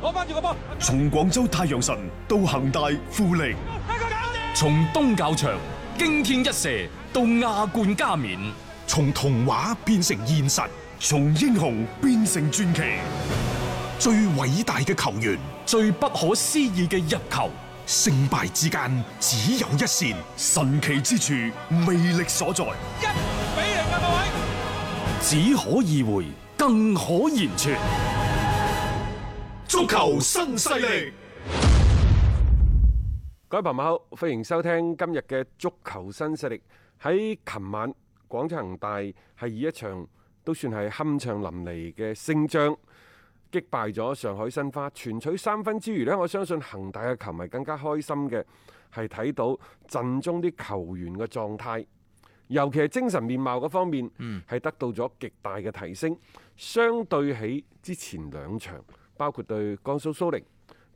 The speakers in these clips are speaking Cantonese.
我返住個波。從廣州太陽神到恒大富力，從東較場驚天一射到亞冠加冕，從童話變成現實，從英雄變成傳奇，一比零，各位，最偉大嘅球員，最不可思議嘅入球，勝敗之間只有一線，神奇之處魅力所在，一比零各位，只可意會，更可言傳。足球新勢力，各位朋友好，歡迎收聽今日嘅足球新勢力。喺琴晚，廣州恒大係以一場都算係酣暢淋漓嘅勝仗擊敗咗上海申花，全取三分之餘咧，我相信恒大嘅球迷更加開心嘅係睇到陣中啲球員嘅狀態，尤其係精神面貌嗰方面，嗯，係得到咗極大嘅提升，嗯，相對起之前兩場。包括對江蘇蘇寧、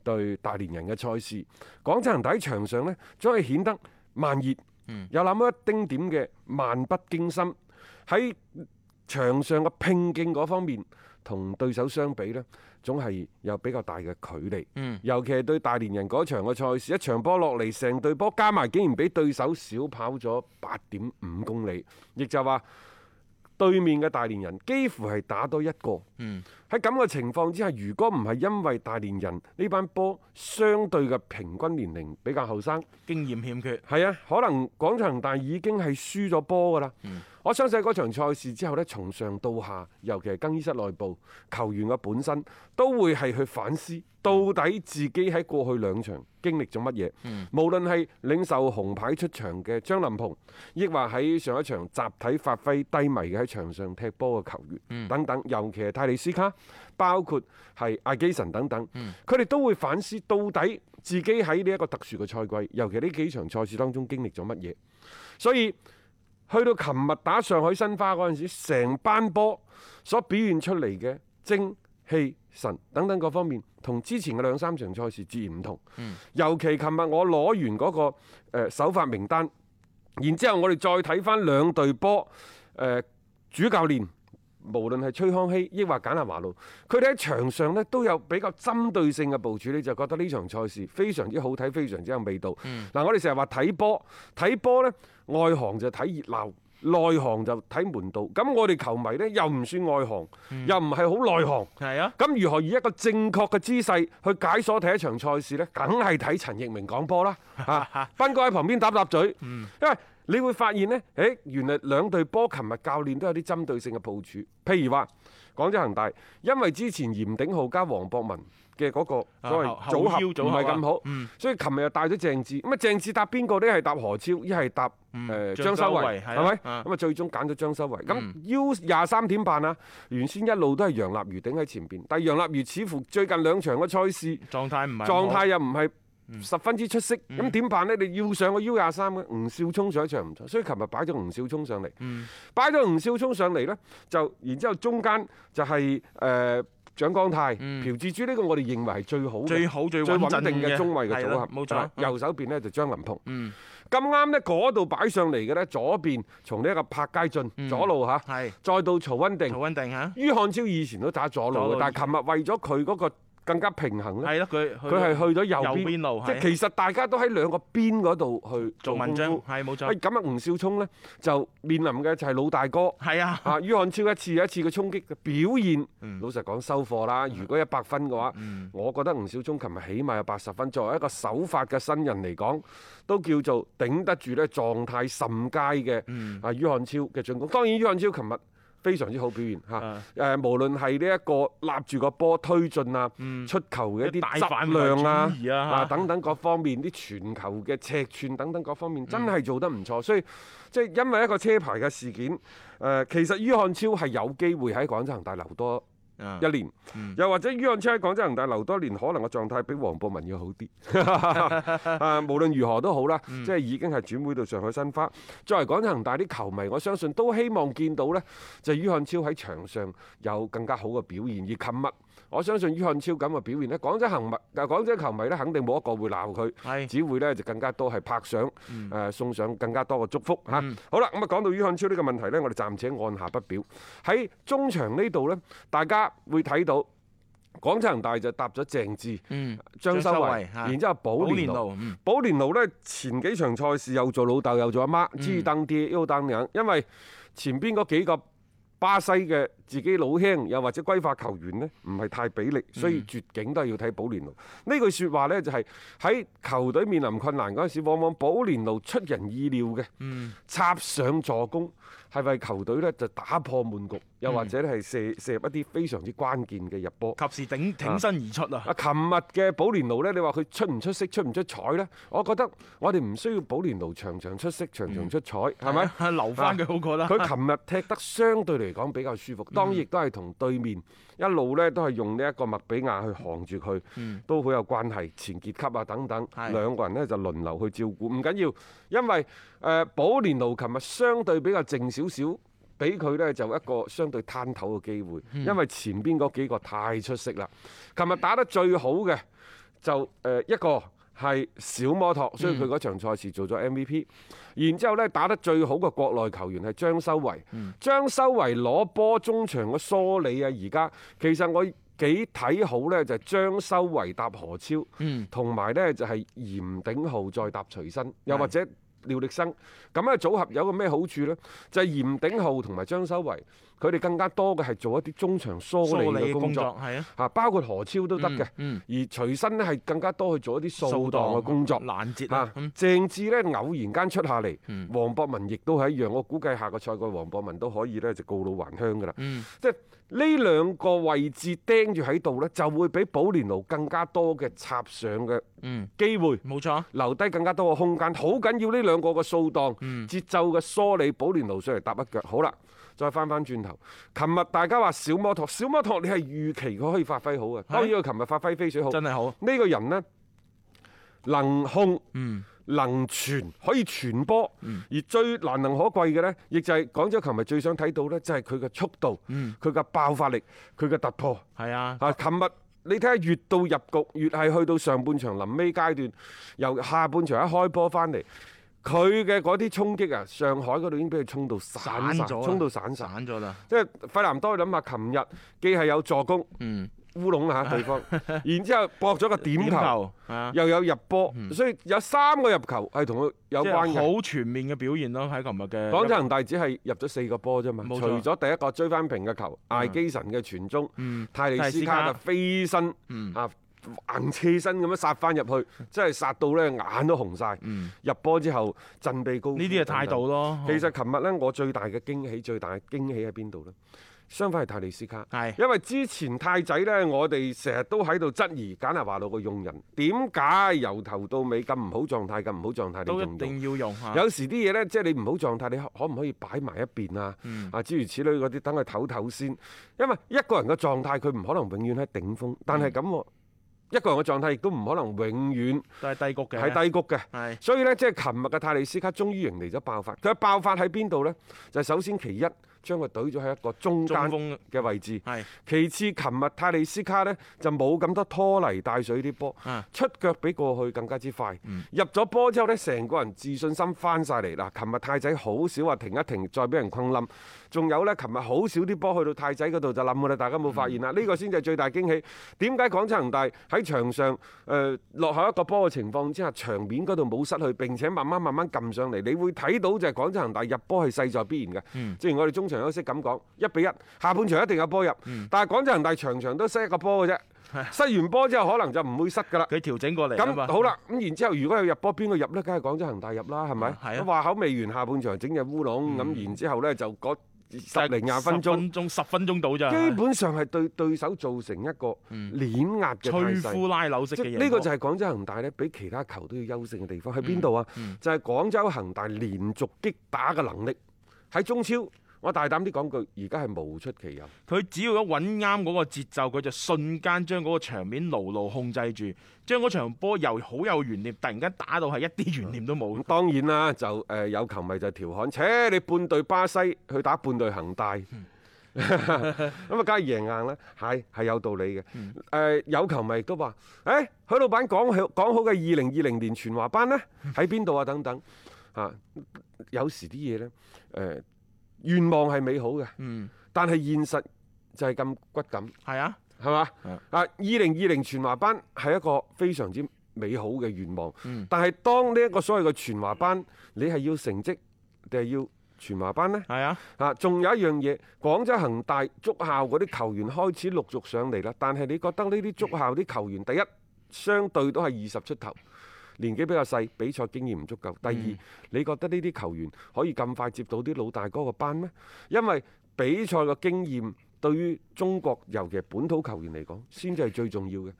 對大連人嘅賽事，廣州人喺場上呢，總係顯得慢熱，有冇、嗯、一丁點嘅漫不經心喺場上嘅拼勁嗰方面，同對手相比呢，總係有比較大嘅距離。嗯、尤其係對大連人嗰場嘅賽事，一場波落嚟，成隊波加埋，竟然比對手少跑咗八點五公里，亦就話，對面嘅大連人幾乎係打多一個，嗯，喺咁嘅情況之下，如果唔係因為大連人呢班波相對嘅平均年齡比較後生，經驗欠缺，係啊，可能廣州恒大已經係輸咗波㗎喇。嗯我相信嗰場賽事之後呢，從上到下，尤其係更衣室內部、球員嘅本身，都會係去反思，到底自己喺過去兩場經歷咗乜嘢。嗯、無論係領受紅牌出場嘅張林鵬，亦或喺上一場集體發揮低迷嘅喺場上踢波嘅球員等等，嗯、尤其係泰利斯卡，包括係阿基臣等等，佢哋、嗯、都會反思到底自己喺呢一個特殊嘅賽季，尤其呢幾場賽事當中經歷咗乜嘢。所以去到琴日打上海申花嗰陣時，成班波所表現出嚟嘅精氣神等等各方面，同之前嘅兩三場賽事截然唔同。嗯、尤其琴日我攞完嗰、嗰個誒首發名單，然之後我哋再睇翻兩隊波誒主教練，無論係崔康熙抑或簡尼華路，佢哋喺場上咧都有比較針對性嘅部署，你就覺得呢場賽事非常之好睇，非常之有味道。嗱、嗯呃、我哋成日話睇波，睇波呢。外行就睇熱鬧，內行就睇門道。咁我哋球迷咧又唔算外行，又唔係好內行。係啊，咁如何以一個正確嘅姿勢去解鎖睇一場賽事咧？梗係睇陳奕明講波啦。啊，斌哥喺旁邊搭搭嘴，因為你會發現咧，誒原來兩隊波，琴日教練都有啲針對性嘅部署，譬如話廣州恒大，因為之前嚴鼎浩加黃博文。嘅嗰個所謂組合唔係咁好，所以琴日又帶咗鄭智，咁啊鄭智搭邊個呢？係搭何超，一係搭誒張修維，係咪？咁啊最終揀咗張修維。咁 U 廿三點辦啊？原先一路都係楊立瑜頂喺前邊，但係楊立瑜似乎最近兩場嘅賽事狀態唔係，狀態又唔係十分之出色。咁點辦呢？你要上個 U 廿三嘅吳少聰上一場唔錯，所以琴日擺咗吳少聰上嚟。嗯，擺咗吳少聰上嚟呢，就然之後中間就係誒。蔣光泰、朴志、嗯、洙呢、呢個我哋認為係最，最好、最好、最穩定嘅中衛嘅組合。吧右手邊呢就張林鵬。咁啱呢嗰度擺上嚟嘅咧，左邊從呢個柏佳俊左路吓，嗯、再到曹溫定。曹溫定吓，啊、于漢超以前都打左路嘅，左路但係琴日為咗佢嗰個。更加平衡咧，係咯，佢佢係去咗右邊路，即係其實大家都喺兩個邊嗰度去做文章，係冇錯。咁啊，吳少聰咧就面臨嘅就係老大哥，係啊，啊，于漢超一次又一次嘅衝擊嘅表現，老實講收貨啦。如果一百分嘅話，我覺得吳少聰琴日起碼有八十分。作為一個首發嘅新人嚟講，都叫做頂得住咧，狀態甚佳嘅。啊，于漢超嘅進攻，當然于漢超琴日，非常之好表現嚇，誒無論係呢一個攬住個波推進啊，嗯、出球嘅一啲質量啊，啊等等各方面啲、嗯、傳球嘅尺寸等等各方面，真係做得唔錯，嗯、所以即係、就是、因為一個車牌嘅事件，誒其實于漢超係有機會喺廣州恒大留多。一年，又或者于漢超喺廣州恒大留多年，可能個狀態比黃博文要好啲。啊，無論如何都好啦， 即係已經係轉會到上海申花。作為廣州恒大啲球迷，我相信都希望見到呢，就係于漢超喺場上有更加好嘅表現。以及日，我相信于漢超咁嘅表現咧，廣州恆迷、廣州球迷咧，肯定冇一個會鬧佢，是只會咧就更加多係拍相，誒、嗯、送上更加多嘅祝福嚇。嗯、好啦，咁啊講到于漢超呢個問題咧，我哋暫且按下不表。喺中場呢度咧，大家會睇到廣州恒大就搭咗鄭智、嗯、張修維，嗯、然之後寶蓮路，寶蓮路呢，嗯、前幾場賽事又做老豆又做阿媽，媽，支燈啲，腰燈眼，因為前邊嗰幾個。巴西嘅自己老兄，又或者歸化球員咧，唔係太俾力，所以絕境都係要睇保連奴呢句說話咧、就是，就係，喺球隊面臨困難嗰陣時，往往保連奴出人意料嘅插上助攻，係為球隊咧就打破悶局。又或者咧，係射射入一啲非常之關鍵嘅入波，及時頂挺身而出啊！啊，琴日嘅保連奴咧，你話佢出唔出色，出唔出彩咧？我覺得我哋唔需要保連奴場場出色，場場出彩，係咪？留翻佢好過啦。佢琴日踢得相對嚟講比較舒服，當然亦都係同對面一路咧都係用呢一個麥比亞去航住佢，都好有關係。前結級啊等等，兩個人咧就輪流去照顧，唔緊要，因為誒保連奴琴日相對比較靜少少。俾佢呢就一個相對攤頭嘅機會，因為前邊嗰幾個太出色啦。琴日打得最好嘅就誒一個係小摩托，所以佢嗰場賽事做咗 MVP。然之後呢打得最好嘅國內球員係張修維，張修維攞波中場嘅梳理啊！而家其實我幾睇好呢就係張修維搭何超，同埋呢就係嚴鼎皓再搭徐新，又或者。廖力生咁嘅組合有個咩好處呢？就係、是、嚴鼎浩同埋張修維。佢哋更加多嘅係做一啲中場梳理嘅工作，係啊，包括何超都得嘅，嗯嗯、而徐新呢係更加多去做一啲掃蕩嘅工作，攔截啊，鄭智咧偶然間出下嚟，嗯，黃博文亦都係一樣，我估計下個賽季黃博文都可以咧就告老還鄉噶啦，嗯、即係呢兩個位置釘住喺度咧，就會俾寶蓮奴更加多嘅插上嘅機會，冇、嗯、錯，留低更加多嘅空間，好緊要呢兩個嘅掃蕩節奏嘅梳理，寶蓮奴上嚟搭一腳，好啦。好。再翻翻轉頭，琴日大家話小摩托，小摩托你係預期佢可以發揮好嘅。當然佢琴日發揮非常好，真係好。呢個人呢，能控，嗯，能傳，可以傳波，而最難能可貴嘅呢，亦就係廣州琴日最想睇到呢，就係佢嘅速度，佢嘅、嗯、爆發力，佢嘅突破，係啊的。啊，琴日你睇下越到入局，越係去到上半場臨尾階段，由下半場一開波翻嚟。佢嘅嗰啲衝擊啊，上海嗰度已經俾佢衝到散咗，衝到散散咗啦了。散散了即係費南多，諗下，琴日既係有助攻，嗯、烏龍嚇對方，然之後博咗個點球，點球又有入波，嗯、所以有三個入球係同佢有關嘅。好全面嘅表現咯，喺琴日嘅。廣州恒大只係入咗四個波啫嘛，錯除咗第一個追翻平嘅球，艾基神嘅傳中，嗯嗯、泰利斯卡就飛身。嗯嗯硬斜身咁樣殺翻入去，真係殺到咧眼都紅晒。嗯、入波之後振臂高呼，呢啲係態度咯。其實琴日呢，嗯、我最大嘅驚喜，最大嘅驚喜喺邊度呢？相反係泰利斯卡，是因為之前泰仔呢，我哋成日都喺度質疑簡拿華路個用人點解由頭到尾咁唔好狀態，咁唔好狀態你都一定要用。有時啲嘢呢，即、就、係、是、你唔好狀態，你可唔可以擺埋一邊啊？啊、嗯，諸如此類嗰啲，等佢唞唞先，因為一個人嘅狀態佢唔可能永遠喺頂峰。但係咁。嗯一個人嘅狀態亦都唔可能永遠都係低谷嘅，係低谷嘅，係。是所以咧，即係琴日嘅泰利斯卡終於迎嚟咗爆發。佢爆發喺邊度咧？就係首先其一。將佢懟咗喺一個中間嘅位置。其次，琴日泰利斯卡呢就冇咁多拖泥帶水啲波，出腳比過去更加之快。入咗波之後呢，成個人自信心翻晒嚟喇。琴日泰仔好少話停一停，再俾人困冧。仲有呢，琴日好少啲波去到泰仔嗰度就冧㗎啦。大家有冇發現啊？呢、這個先至最大驚喜。點解廣州恒大喺場上誒、呃、落後一個波嘅情況之下，場面嗰度冇失去，並且慢慢慢慢撳上嚟？你會睇到就係廣州恒大入波係勢在必然嘅。嗯。正如我哋中場休息咁講，一比一下半場一定有波入，嗯、但係廣州恒大場場都塞一個波嘅啫。塞的完波之後，可能就唔會塞㗎啦。佢調整過嚟咁好啦。咁的然之後，如果有入波，邊個入呢？梗係廣州恒大入啦，係咪？的話口未完，下半場整隻烏龍咁，嗯、然之後呢，就個十零廿分鐘，十分鐘十分鐘到咋。基本上係對對手造成一個碾壓嘅趨勢，嗯、拉流式。呢個就係廣州恒大呢，比其他球都要優勝嘅地方喺邊度啊？嗯嗯、就係廣州恒大連續擊打嘅能力喺中超。我大膽啲講句，而家係無出其右。佢只要一揾啱嗰個節奏，佢就瞬間將嗰個場面牢牢控制住，將嗰場波又好有懸念，突然間打到係一啲懸念都冇，嗯。當然啦，就誒有球迷就調侃，切你半隊巴西去打半隊恒大，咁啊梗係贏硬啦，係係有道理嘅。誒有球迷都話，誒、欸、許老闆講好講好嘅二零二零年全華班呢，喺邊度啊？等等啊，有時啲嘢呢。誒、呃。願望係美好嘅，嗯，但係現實就係咁骨感。係啊，係嘛吧？啊，二零二零全華班係一個非常之美好嘅願望。嗯，但係當呢一個所謂嘅全華班，你係要成績定係要全華班呢？係啊。啊，仲有一樣嘢，廣州恒大足校嗰啲球員開始陸續上嚟啦。但係你覺得呢啲足校啲球員，第一，相對都係二十出頭。年紀比較細，比賽經驗唔足夠。第二，你覺得呢啲球員可以咁快接到啲老大哥個班咩？因為比賽嘅經驗對於中國，尤其係本土球員嚟講，先至係最重要嘅。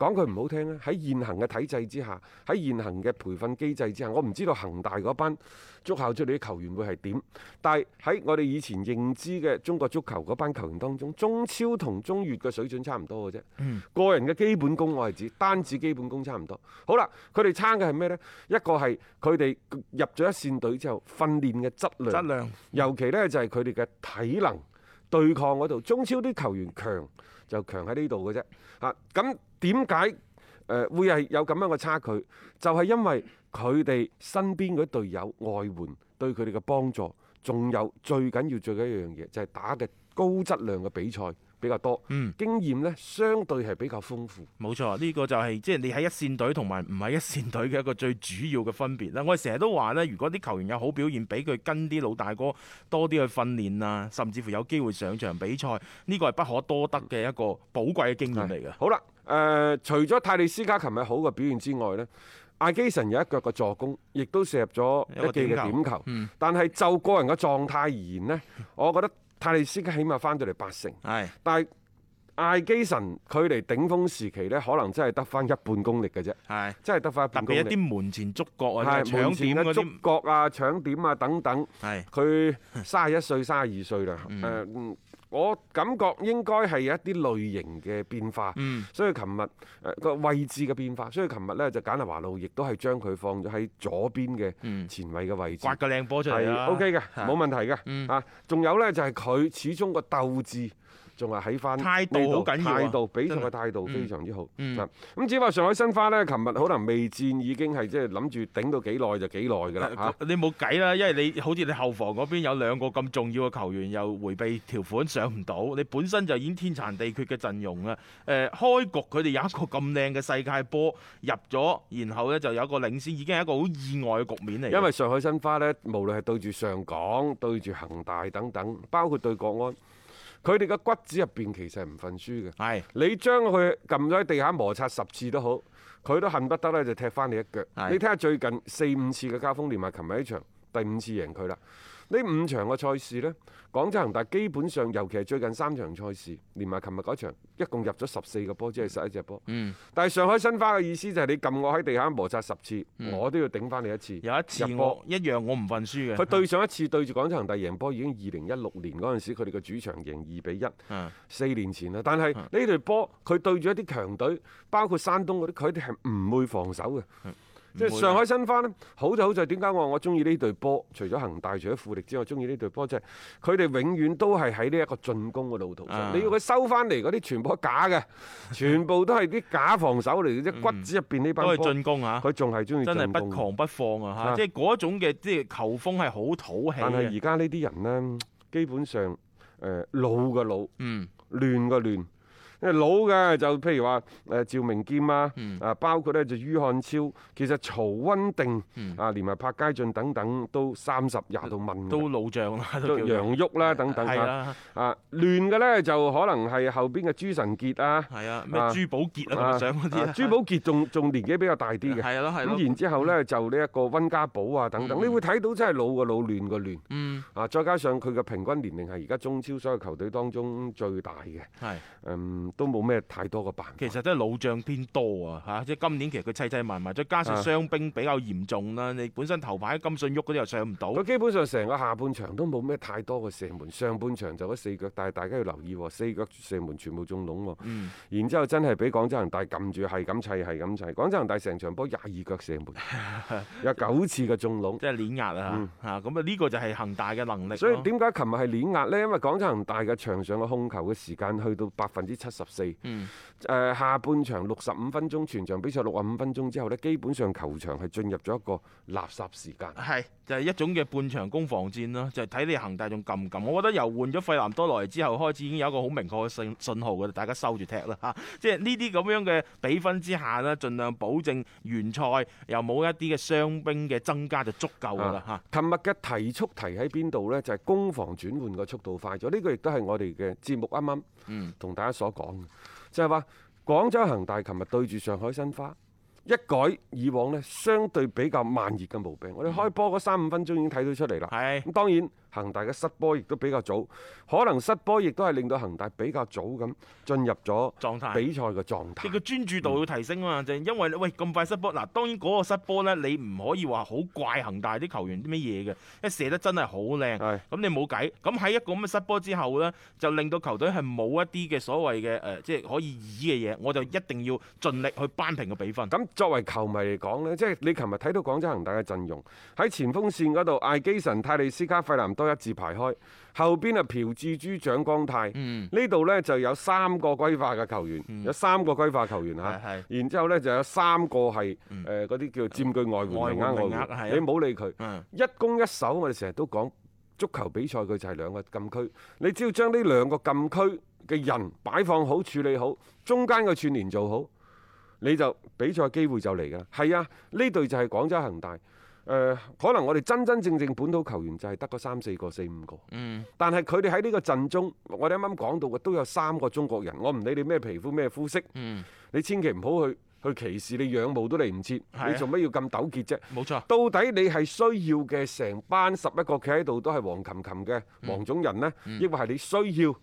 講句唔好聽咧，喺現行嘅體制之下，喺現行嘅培訓機制之下，我唔知道恒大嗰班足校出嚟嘅球員會係點。但係喺我哋以前認知嘅中國足球嗰班球員當中，中超同中乙嘅水準差唔多嘅啫。嗯。個人嘅基本功我，我係指單指基本功差唔多。好啦，佢哋差嘅係咩呢？一個係佢哋入咗一線隊之後訓練嘅質量，質量。尤其呢，就係佢哋嘅體能。對抗嗰度，中超啲球員強就強喺呢度嘅啫。嚇，咁點解誒會係有咁樣嘅差距？就係因為佢哋身邊嗰啲隊友外援對佢哋嘅幫助，仲有最緊要最緊要一樣嘢，就係打嘅高質量嘅比賽。比較多，嗯，經驗呢，相對係比較豐富。冇錯，呢、呢個就係、係、即係你喺一線隊同埋唔係一線隊嘅一個最主要嘅分別啦。我哋成日都話呢，如果啲球員有好表現，俾佢跟啲老大哥多啲去訓練啊，甚至乎有機會上場比賽，呢個係不可多得嘅一個寶貴嘅經驗嚟嘅。好啦，誒、呃，除咗泰利斯卡琴日好嘅表現之外呢，艾基臣有一腳嘅助攻，亦都射入咗一記嘅點球，點球，嗯、但係就個人嘅狀態而言呢，我覺得。 泰利斯起碼翻到嚟八成，是但係艾基臣佢離頂峰時期咧，可能真係得翻一半功力嘅啫，是真係得翻一半功力。特別啲門前觸角啊，是搶點嗰啲觸角啊，搶點啊等等，佢三十一歲、三十二歲啦。 嗯呃我感覺應該係有一啲類型嘅變化，所以琴日誒個位置嘅變化，所以琴日呢，就簡立華路亦都係將佢放咗喺左邊嘅前衛嘅位置，挖個靚波出嚟啦，OK 嘅，冇是 問題嘅啊，仲有呢，就係佢始終個鬥志。仲係喺翻態度好緊要啊！態度的比賽嘅態度非常之好。咁、嗯嗯、只話上海申花呢，琴日可能未戰已經係即係諗住頂到幾耐就幾耐㗎啦，你冇計啦，因為你好似你後防嗰邊有兩個咁重要嘅球員又迴避條款上唔到，你本身就已經天殘地缺嘅陣容啦。誒、呃、開局佢哋有一個咁靚嘅世界波入咗，然後呢就有一個領先，已經係一個好意外嘅局面嚟。因為上海申花呢，無論係對住上港、對住恒大等等，包括對國安。佢哋嘅骨子入邊其實係唔憤輸嘅，係是的 你將佢撳咗喺地下摩擦十次都好，佢都恨不得咧就踢翻你一腳。是的 你睇下最近四五次嘅交鋒連埋琴日一場，第五次贏佢啦。呢五場嘅賽事呢，廣州恒大基本上，尤其係最近三場賽事，連埋琴日嗰場，一共入咗十四個波，即係十一隻波。嗯、但係上海申花嘅意思就係你撳我喺地下摩擦十次，嗯、我都要頂翻你一次。有一次我，球我一樣我唔忿輸嘅。佢對上一次對住廣州恒大贏波已經二零一六年嗰陣時，佢哋嘅主場贏二比一是。四年前啦，但係呢隊波佢對住一啲強隊，包括山東嗰啲，佢哋係唔會防守嘅。即係上海申花咧，好就好在點解我我中意呢隊波？除咗恒大、除咗富力之外，中意呢隊波，即係佢哋永遠都係喺呢一個進攻嘅路途上。啊、你要佢收翻嚟嗰啲，全部都假嘅，全部都係啲假防守嚟嘅。嗯、骨子入邊呢班，都係進攻啊！佢仲係中意進攻，真係不狂不放啊！嚇、啊，即係嗰種嘅即係球風係好土氣。但係而家呢啲人呢，基本上誒、呃、老嘅老，嗯，亂嘅亂。誒老嘅就譬如話誒趙明劍啊，啊包括咧就于漢超，其實曹贇定啊，連埋柏佳俊等等都三十廿度問都老將啦，仲楊旭啦等等啊。亂嘅咧就可能係後邊嘅朱晨傑啊，咩朱寶傑啊，想嗰啲朱寶傑仲仲年紀比較大啲嘅，係咁。然之後咧就呢一個温家寶啊等等，你會睇到真係老個老，亂個亂。啊，再加上佢嘅平均年齡係而家中超所有球隊當中最大嘅。係。嗯。都冇咩太多嘅辦法。其實都係老將偏多啊！嚇、啊，即係今年其實佢砌砌埋埋，再加上傷兵比較嚴重啦、啊。啊、你本身頭牌金信喐嗰啲又上唔到。佢基本上成個下半場都冇咩太多嘅射門，上半場就嗰四腳，但係大家要留意喎，四腳射門全部中籠喎。嗯、然之後真係俾廣州恒大撳住，係咁砌係咁砌。廣州恒大成場波廿二腳射門， 有九次嘅中籠。即係碾壓啊！嚇咁啊！呢個就係恒大嘅能力。所以點解琴日係碾壓呢？因為廣州恒大嘅場上嘅控球嘅時間去到百分之七十四，嗯，誒下半場六十五分鐘，全場比賽六十五分鐘之後咧，基本上球場係進入咗一個垃圾時間，係就係、是、一種嘅半場攻防戰咯，就係、是、睇你恒大仲撳唔撳？我覺得由換咗費南多落嚟之後開始，已經有一個好明確嘅信信號嘅，大家收住踢啦嚇，即係呢啲咁樣嘅比分之下咧，儘量保證完賽又冇一啲嘅傷兵嘅增加就足夠噶啦嚇。琴、嗯、日嘅提速提喺邊度呢？就係、是、攻防轉換嘅速度快咗，呢、這個亦都係我哋嘅節目啱啱同大家所講、嗯。就係話廣州恒大琴日對住上海申花，一改以往呢，相對比較慢熱嘅毛病。我哋開波嗰三五分鐘已經睇到出嚟啦。係是，咁當然。恒大嘅失波亦都比較早，可能失波亦都係令到恒大比較早咁進入咗狀態，比賽嘅狀態。你個專注度要提升啊嘛，就、嗯、因為你喂咁快失波，嗱當然嗰個失波呢，你唔可以話好怪恒大啲球員啲乜嘢嘅，一射得真係好靚，咁是你冇計。咁喺一個咁嘅失波之後呢，就令到球隊係冇一啲嘅所謂嘅誒，即、呃、係、就是、可以以嘅嘢，我就一定要盡力去扳平個比分。咁作為球迷嚟講呢，即、就、係、是、你琴日睇到廣州恒大嘅陣容喺前鋒線嗰度艾基神泰利斯卡費南都一字排開，後邊啊，朴志洙、蔣光太，呢度呢就有三個歸化嘅球員，有三個歸化球員嚇，然之後呢就有三個係誒嗰啲叫做佔據外援，你唔好理佢，一攻一守，我哋成日都講足球比賽，佢就係兩個禁區，你只要將呢兩個禁區嘅人擺放好、處理好，中間嘅串聯做好，你就比賽機會就嚟㗎。係啊，呢隊就係廣州恒大。誒、呃，可能我哋真真正正本土球員就係得嗰三四個、四五個。嗯。但係佢哋喺呢個陣中，我哋啱啱講到嘅都有三個中國人，我唔理你咩皮膚、咩膚色。嗯。你千祈唔好去去歧視你，是啊、你仰慕都嚟唔切。你做咩要咁糾結啫？冇錯、啊。到底你係需要嘅成班十一個企喺度都係黃琴琴嘅黃種人呢？亦或係你需要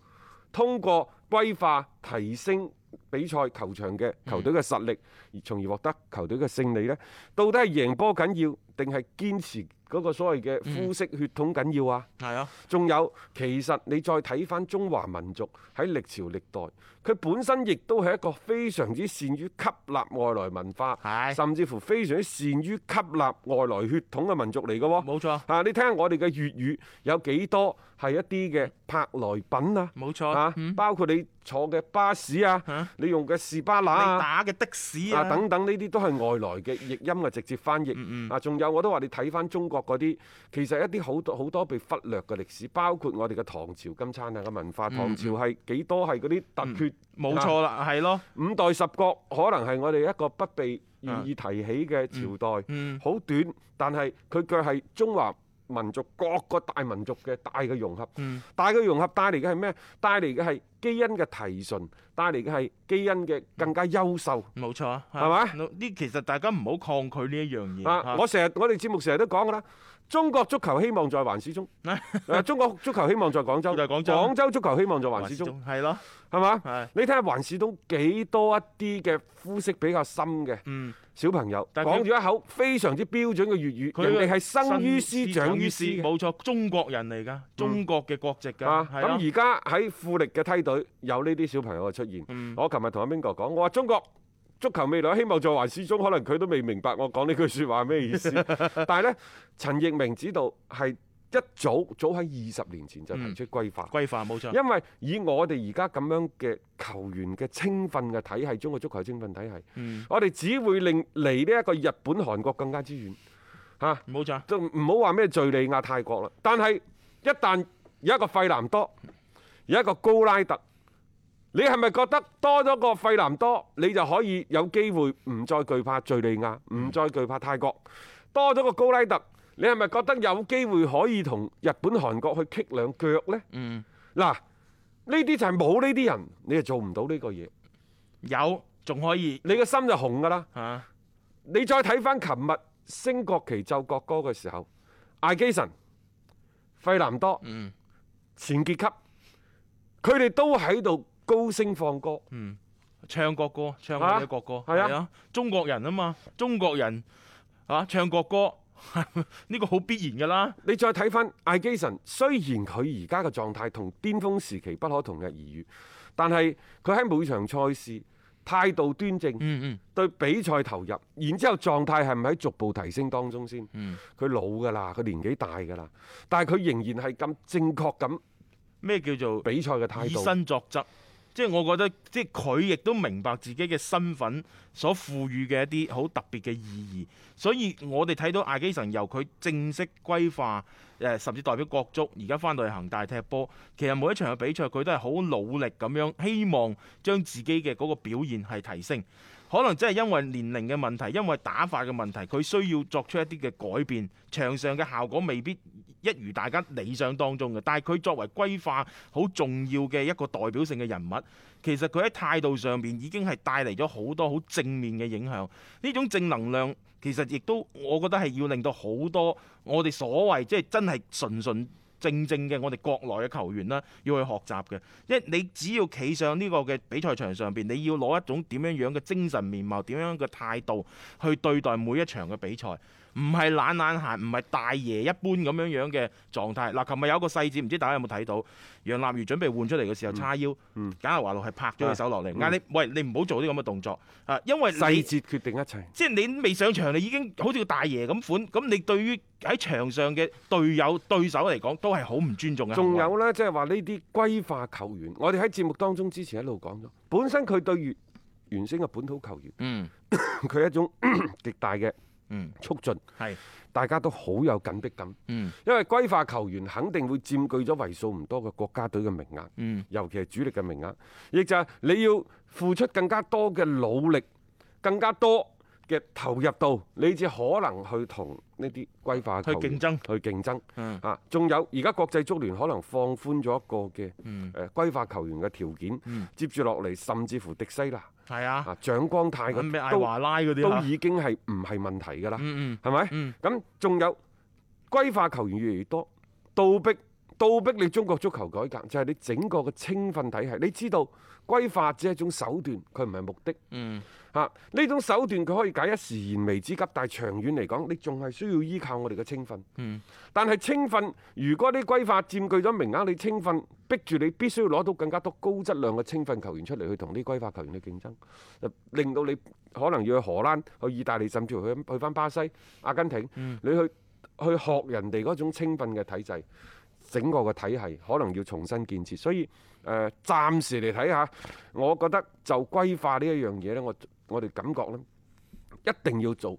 通過歸化提升？比賽球場嘅球隊嘅實力，嗯、從而從而獲得球隊嘅勝利呢，到底係贏波緊要，定係堅持嗰個所謂嘅膚色血統緊要啊？係啊、嗯，仲、嗯、有，其實你再睇翻中華民族喺歷朝歷代，佢本身亦都係一個非常之善於吸納外來文化，係的，甚至乎非常之善於吸納外來血統嘅民族嚟嘅喎。冇錯錯，吓、啊、你聽下我哋嘅粵語有幾多係一啲嘅舶來品啊？冇錯，吓、嗯，包括你。坐嘅巴士啊，啊你用嘅士巴拿啊，你打嘅的，的士啊，啊等等呢啲都係外來嘅，譯音啊直接翻譯，嗯嗯、啊，仲有我都話你睇翻中國嗰啲，其實一啲好多好多被忽略嘅歷史，包括我哋嘅唐朝金燦燦嘅文化，嗯、唐朝係幾多係嗰啲突厥，冇錯啦，係咯，啊嗯嗯、五代十國可能係我哋一個不被願意提起嘅朝代，好短，但係佢卻係中華。民族各個大民族嘅大嘅融合，嗯、大嘅融合帶嚟嘅係咩？帶嚟嘅係基因嘅提純，帶嚟嘅係基因嘅更加優秀。冇、嗯、錯啊，係咪？呢吧其實大家唔好抗拒呢一樣嘢。我成日我哋節目成日都講㗎啦。中國足球希望在環市中，中國足球希望在廣州，就係廣州。廣州足球希望在環市中，係咯，係嘛？你睇下環市中幾多一啲嘅膚色比較深嘅小朋友，講住一口非常之標準嘅粵語，人哋係生於斯，長於斯，冇錯，中國人嚟噶，中國嘅國籍噶。咁而家喺富力嘅梯隊有呢啲小朋友嘅出現，我琴日同阿 Mingo 講，我話中國。足球未來希望在還始終，可能佢都未明白我講呢句説話咩意思。 但係呢，陳奕明指導係一早早喺二十年前就提出歸化。歸化冇錯。因為以我哋而家咁樣嘅球員嘅青訓嘅體系中國足球青訓體系，體係嗯、我哋只會令離呢一個日本、韓國更加之遠。嚇、啊，冇錯。就唔好話咩敍利亞、泰國啦。但係一旦有一個費南多，有一個高拉特。你係咪覺得多咗個費南多，你就可以有機會唔再懼怕敍利亞，唔再懼怕泰國？多咗個高拉特，你係咪覺得有機會可以同日本、韓國去踢兩腳呢？嗯，嗱，呢啲就係冇呢啲人，你就做唔到呢個嘢。有，仲可以。你個心就紅噶啦嚇！你再睇翻琴日升國旗奏國歌嘅時候，艾基臣、費南多、前傑級，佢哋都喺度。高聲放歌，嗯，唱國歌，唱我哋嘅國歌，係啊，啊，中國人啊嘛，中國人啊，唱國歌，呢個好必然噶啦。你再睇翻艾基神，雖然佢而家嘅狀態同巔峰時期不可同日而語，但係佢喺每場賽事態度端正，嗯嗯，嗯對比賽投入，然之後狀態係咪喺逐步提升當中先、嗯嗯？嗯，佢老噶啦，佢年紀大噶啦，但係佢仍然係咁正確咁，咩叫做比賽嘅態度？以身作則。即係我覺得，即係佢亦都明白自己嘅身份所賦予嘅一啲好特別嘅意義，所以我哋睇到艾基臣由佢正式歸化，誒，甚至代表國足，而家翻到去恒大踢波，其實每一場嘅比賽佢都係好努力咁樣，希望將自己嘅嗰個表現係提升。可能真係因為年齡嘅問題，因為打法嘅問題，佢需要作出一啲嘅改變，場上嘅效果未必一如大家理想當中嘅。但係佢作為歸化好重要嘅一個代表性嘅人物，其實佢喺態度上面已經係帶嚟咗好多好正面嘅影響呢種正能量。其實亦都，我覺得係要令到好多我哋所謂即係真係純純正正嘅我哋國內嘅球員啦，要去學習嘅。即係你只要企上呢個嘅比賽場上邊，你要攞一種點樣樣嘅精神面貌、點樣嘅態度去對待每一場嘅比賽。唔係懶懶閒，唔係大爺一般咁樣樣嘅狀態。嗱，琴日有個細節，唔知大家有冇睇到？楊立瑜準備換出嚟嘅時候，叉腰，簡阿、嗯嗯、華路係拍咗隻手落嚟。嗱、嗯，你餵你唔好做啲咁嘅動作啊！因為細節決定一切。即係你未上場，你已經好似個大爺咁款。咁你對於喺場上嘅隊友、對手嚟講，都係好唔尊重嘅。仲有呢，即係話呢啲歸化球員，我哋喺節目當中之前一路講咗，本身佢對原先嘅本土球員，佢、嗯、 一種極大嘅。嗯，促進係，大家都好有緊迫感。嗯，因為歸化球員肯定會佔據咗為數唔多嘅國家隊嘅名額。嗯，尤其係主力嘅名額，亦就係你要付出更加多嘅努力，更加多。嘅投入度，你至可能去同呢啲歸化球員去競爭。去競爭。啊，仲、嗯、有而家國際足聯可能放寬咗一個嘅誒歸化球員嘅條件。嗯、接住落嚟，甚至乎迪西啦，係啊、嗯，啊，蔣光泰嗰啲，華拉都已經係唔係問題㗎啦。嗯係、嗯、咪？咁仲、嗯、有歸化球員越嚟越多，倒逼。倒逼你中國足球改革，就係、是、你整個嘅青訓體系。你知道歸化只係一種手段，佢唔係目的。嗯，嚇呢種手段佢可以解一時燃眉之急，但係長遠嚟講，你仲係需要依靠我哋嘅青訓。嗯，但係青訓如果啲歸化佔據咗名額，你青訓逼住你必須要攞到更加多高質量嘅青訓球員出嚟去同啲歸化球員去競爭，令到你可能要去荷蘭、去意大利，甚至去去，去巴西、阿根廷。嗯、你去去學人哋嗰種青訓嘅體制。整個嘅體系可能要重新建設，所以誒、呃、暫時嚟睇下，我覺得就歸化呢一樣嘢咧，我我哋感覺咧一定要做，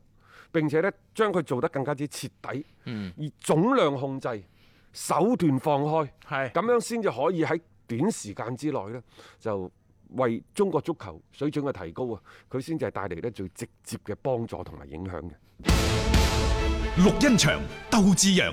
並且咧將佢做得更加之徹底。而總量控制手段放開，係、嗯。咁樣先至可以喺短時間之內咧，就為中國足球水準嘅提高啊，佢先至係帶嚟咧最直接嘅幫助同埋影響嘅。陸恩祥、鄧志陽。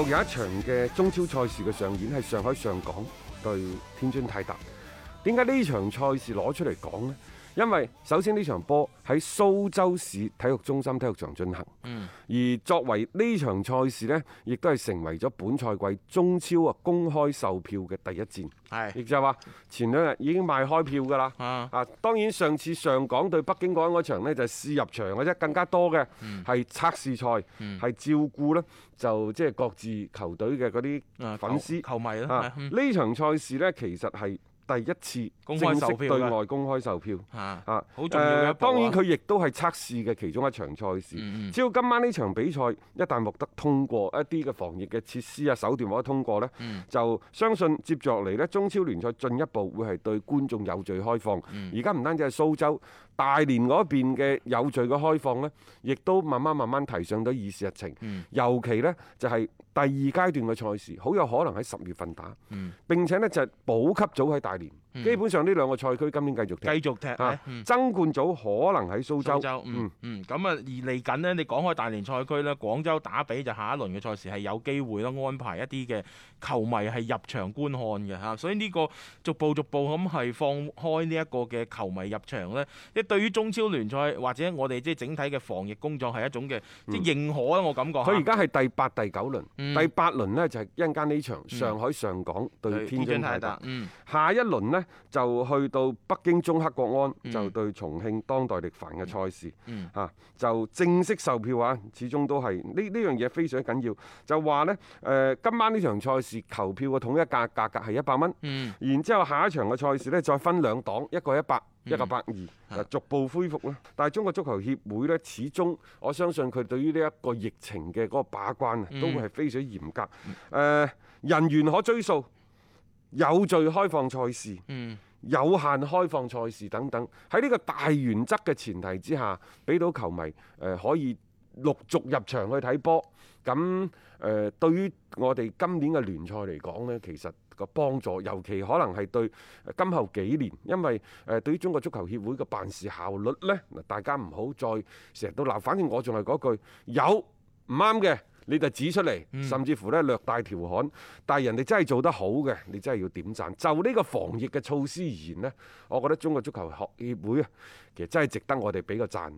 又有一場嘅中超賽事嘅上演係上海上港對天津泰達。點解呢場賽事攞出嚟講呢？因為首先呢場波喺蘇州市體育中心體育場進行，而作為呢場賽事呢，亦都係成為咗本賽季中超啊公開售票嘅第一戰，亦就係話前兩日已經賣開票㗎啦。啊，當然上次上港對北京國安嗰場咧就試入場嘅啫，更加多嘅係測試賽，係照顧呢，就即係各自球隊嘅嗰啲粉絲球迷。呢場賽事呢，其實係，第一次公開售票對外公開售票，啊，啊、呃，當然佢亦都係測試嘅其中一場賽事。嗯嗯，只要今晚呢場比賽一旦獲得通過一啲嘅防疫嘅設施啊手段獲得通過呢，嗯、就相信接落嚟呢中超聯賽進一步會係對觀眾有序開放。而家唔單止係蘇州、大連嗰邊嘅有序嘅開放呢，亦都慢慢慢慢提上咗議事日程。嗯、尤其呢就係、是。第二階段嘅賽事好有可能喺十月份打，並且咧就係保級組喺大連。基本上呢兩個賽區今年繼續踢，繼續踢啊！爭、嗯、冠組可能喺蘇州。蘇州，嗯嗯。咁啊，而嚟緊呢，你講開大連賽區呢，廣州打比就下一輪嘅賽事係有機會啦，安排一啲嘅球迷係入場觀看嘅嚇。所以呢個逐步逐步咁係放開呢一個嘅球迷入場呢。即係對於中超聯賽或者我哋即係整體嘅防疫工作係一種嘅即係認可啦，我感覺。佢而家係第八、第九輪，嗯、第八輪呢就係一陣間呢場上海上港對天津泰達、嗯嗯嗯嗯。下一輪呢。嗯就去到北京中赫國安，就對重慶當代力帆嘅賽事，嚇、嗯啊、就正式售票啊！始終都係呢呢樣嘢非常緊要。就話呢誒、呃、今晚呢場賽事球票嘅統一價價格係一百蚊，格格嗯、然之後下一場嘅賽事呢，再分兩檔，一個一百、嗯，一個百二，逐步恢復啦。是的 但係中國足球協會呢，始終我相信佢對於呢一個疫情嘅嗰個把關啊，都會係非常嚴格。誒、呃、人員可追溯。有序開放賽事，有限開放賽事等等，喺呢個大原則嘅前提之下，俾到球迷誒可以陸續入場去睇波。咁誒，對於我哋今年嘅聯賽嚟講呢，其實個幫助，尤其可能係對今後幾年，因為誒對於中國足球協會嘅辦事效率呢，嗱，大家唔好再成日都鬧。反正我仲係嗰句，有唔啱嘅。你就指出嚟，甚至乎咧略帶調侃，但係人哋真係做得好嘅，你真係要點讚。就呢個防疫嘅措施而言呢，我覺得中國足球學協會啊，其實真係值得我哋俾個讚。